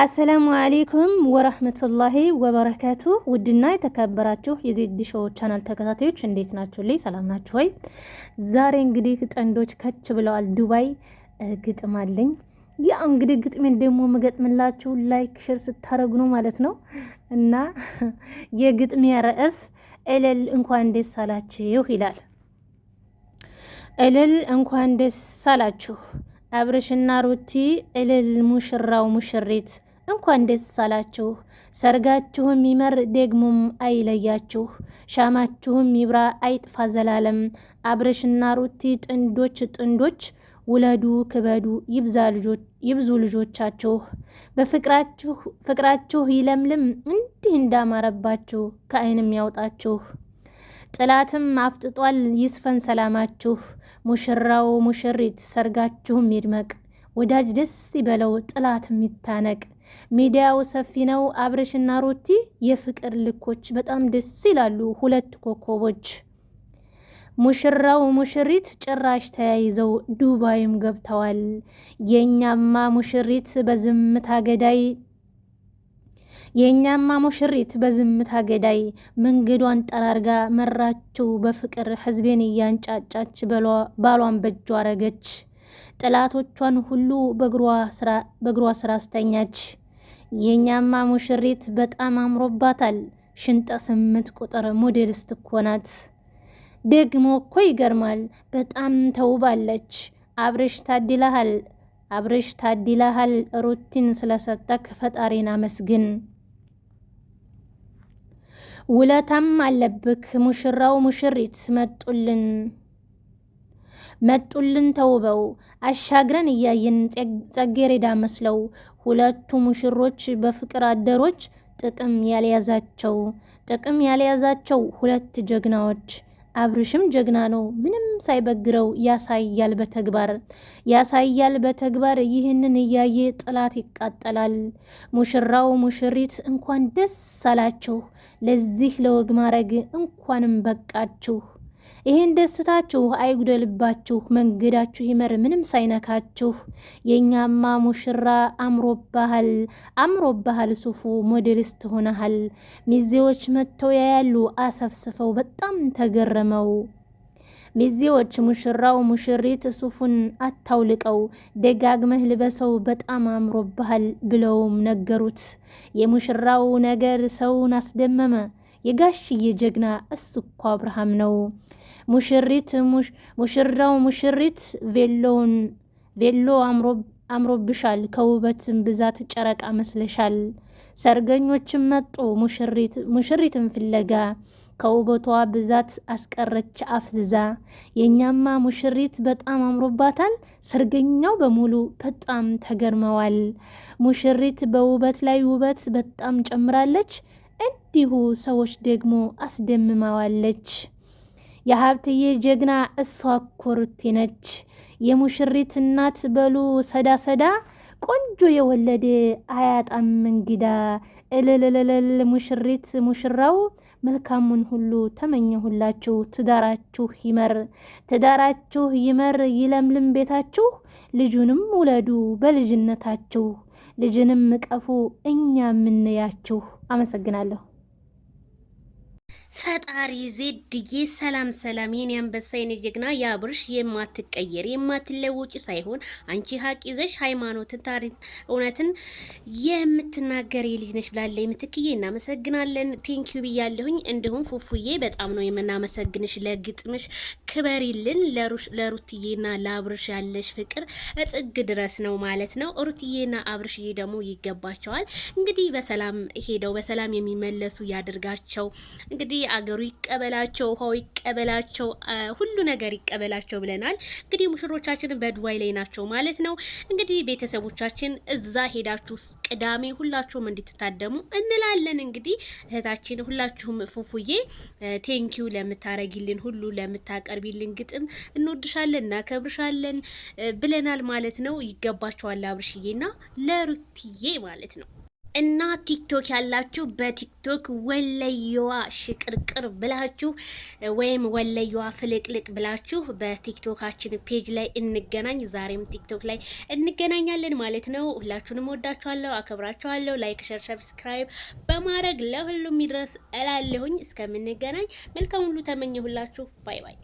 አሰላሙ አሌይኩም ወረህመቱላሂ ወበረካቱ። ውድና የተከበራችሁ የዜድ ሾው ቻናል ተከታታዮች እንዴት ናችሁ? ልይ ሰላም ናችሁ ወይ? ዛሬ እንግዲህ ጥንዶች ከች ብለዋል። ዱባይ ግጥም አለኝ። ያ እንግዲህ ግጥሜን ደግሞ ምገጥምላችሁ ላይክ ሽር ስታደረጉ ነው ማለት ነው። እና የግጥሜ ርዕስ እልል እንኳን ደስ አላችሁ ይላል። እልል እንኳን ደስ አላችሁ አብርሽና ሩቲ እልል ሙሽራው ሙሽሪት እንኳን ደስ አላችሁ። ሰርጋችሁም ይመር ደግሞም አይለያችሁ፣ ሻማችሁም ይብራ አይጥፋ ዘላለም። አብርሽና ሩቲ ጥንዶች ጥንዶች ውለዱ ክበዱ፣ ይብዙ ልጆቻችሁ። በፍቅራችሁ ፍቅራችሁ ይለምልም እንዲህ እንዳማረባችሁ፣ ከአይንም ያውጣችሁ። ጥላትም አፍጥጧል ይስፈን ሰላማችሁ። ሙሽራው ሙሽሪት ሰርጋችሁም ይድመቅ፣ ወዳጅ ደስ ይበለው ጥላትም ይታነቅ። ሚዲያው ሰፊ ነው። አብርሽና ሩቲ የፍቅር ልኮች በጣም ደስ ይላሉ። ሁለት ኮከቦች ሙሽራው ሙሽሪት ጭራሽ ተያይዘው ዱባይም ገብተዋል። የእኛማ ሙሽሪት በዝምታ ገዳይ የእኛማ ሙሽሪት በዝምታ ገዳይ መንገዷን ጠራርጋ መራችው በፍቅር ህዝቤን እያንጫጫች ባሏን በእጇ አረገች። ጠላቶቿን ሁሉ በእግሯ ስራ አስተኛች። የእኛማ ሙሽሪት በጣም አምሮባታል። ሽንጠ ስምንት ቁጥር ሞዴል ስትኮናት ደግሞ እኮ ይገርማል። በጣም ተውባለች። አብረሽ ታድላሃል፣ አብረሽ ታድላሃል። ሩቲን ስለሰጠክ ፈጣሪን አመስግን። ውለታም አለብክ። ሙሽራው ሙሽሪት መጡልን። መጡልን ተውበው አሻግረን እያየን ጽጌረዳ መስለው ሁለቱ ሙሽሮች በፍቅር አደሮች ጥቅም ያልያዛቸው ጥቅም ያልያዛቸው ሁለት ጀግናዎች። አብርሽም ጀግና ነው፣ ምንም ሳይበግረው ያሳያል በተግባር ያሳያል በተግባር። ይህንን እያየ ጥላት ይቃጠላል። ሙሽራው ሙሽሪት እንኳን ደስ አላችሁ፣ ለዚህ ለወግ ማረግ እንኳንም በቃችሁ። ይህን ደስታችሁ አይጉደልባችሁ፣ መንገዳችሁ ይመር፣ ምንም ሳይነካችሁ። የእኛማ ሙሽራ አምሮባሃል፣ አምሮባሃል፣ ሱፉ ሞዴሊስት ሆነሃል። ሚዜዎች መጥተው ያያሉ አሰፍስፈው፣ በጣም ተገረመው። ሚዜዎች ሙሽራው ሙሽሪት ሱፉን አታውልቀው ደጋግመህ ልበሰው በጣም አምሮብሃል ብለውም ነገሩት። የሙሽራው ነገር ሰውን አስደመመ። የጋሽዬ ጀግና እሱ እኮ አብርሃም ነው። ሙሽሪት ሙሽራው ሙሽሪት ቬሎውን ቬሎ አምሮብሻል፣ ከውበትን ብዛት ጨረቃ መስለሻል። ሰርገኞችም መጡ ሙሽሪትን ፍለጋ፣ ከውበቷ ብዛት አስቀረች አፍዝዛ። የእኛማ ሙሽሪት በጣም አምሮባታል፣ ሰርገኛው በሙሉ በጣም ተገርመዋል። ሙሽሪት በውበት ላይ ውበት በጣም ጨምራለች፣ እንዲሁ ሰዎች ደግሞ አስደምመዋለች። የሀብትዬ ጀግና እሷ ኮርቴ ነች። የሙሽሪት እናት በሉ ሰዳ ሰዳ ቆንጆ የወለደ አያጣም እንግዳ። እልልልልል ሙሽሪት ሙሽራው መልካሙን ሁሉ ተመኘሁላችሁ። ትዳራችሁ ይመር ትዳራችሁ ይመር ይለምልም ቤታችሁ። ልጁንም ውለዱ በልጅነታችሁ ልጅንም እቀፉ እኛ የምንያችሁ። አመሰግናለሁ። ፈጣሪ ዜድዬ ሰላም ሰላም፣ የኔ አንበሳ፣ የኔ ጀግና፣ የአብርሽ የማትቀየር የማትለውጭ ሳይሆን አንቺ ሀቅ ይዘሽ ሃይማኖትን፣ ታሪክ፣ እውነትን የምትናገር የልጅ ነሽ ብላለች ምትክዬ። እናመሰግናለን። ቴንኪዩ ብያለሁኝ። እንዲሁም ፉፉዬ በጣም ነው የምናመሰግንሽ ለግጥምሽ። ክበሪልን ለሩትዬና ለአብርሽ ያለሽ ፍቅር እጥግ ድረስ ነው ማለት ነው። ሩትዬና አብርሽዬ ደግሞ ይገባቸዋል። እንግዲህ በሰላም ሄደው በሰላም የሚመለሱ ያደርጋቸው እንግዲህ አገሩ ይቀበላቸው፣ ውሃው ይቀበላቸው፣ ሁሉ ነገር ይቀበላቸው ብለናል። እንግዲህ ሙሽሮቻችን በዱባይ ላይ ናቸው ማለት ነው። እንግዲህ ቤተሰቦቻችን እዛ ሄዳችሁ ቅዳሜ ሁላችሁም እንድትታደሙ እንላለን። እንግዲህ እህታችን ሁላችሁም ፉፉዬ ቴንኪው ለምታረጊልን ሁሉ ለምታቀርቢልን ግጥም እንወድሻለን፣ እናከብርሻለን ብለናል ማለት ነው። ይገባቸዋል አብርሽዬና ለሩትዬ ማለት ነው። እና ቲክቶክ ያላችሁ በቲክቶክ ወለየዋ ሽቅርቅር ብላችሁ ወይም ወለየዋ ፍልቅልቅ ብላችሁ በቲክቶካችን ፔጅ ላይ እንገናኝ። ዛሬም ቲክቶክ ላይ እንገናኛለን ማለት ነው። ሁላችሁንም ወዳችኋለሁ፣ አከብራችኋለሁ። ላይክ፣ ሸር፣ ሰብስክራይብ በማድረግ ለሁሉም ይድረስ እላለሁኝ። እስከምንገናኝ መልካም ሁሉ ተመኘሁላችሁ። ባይ ባይ።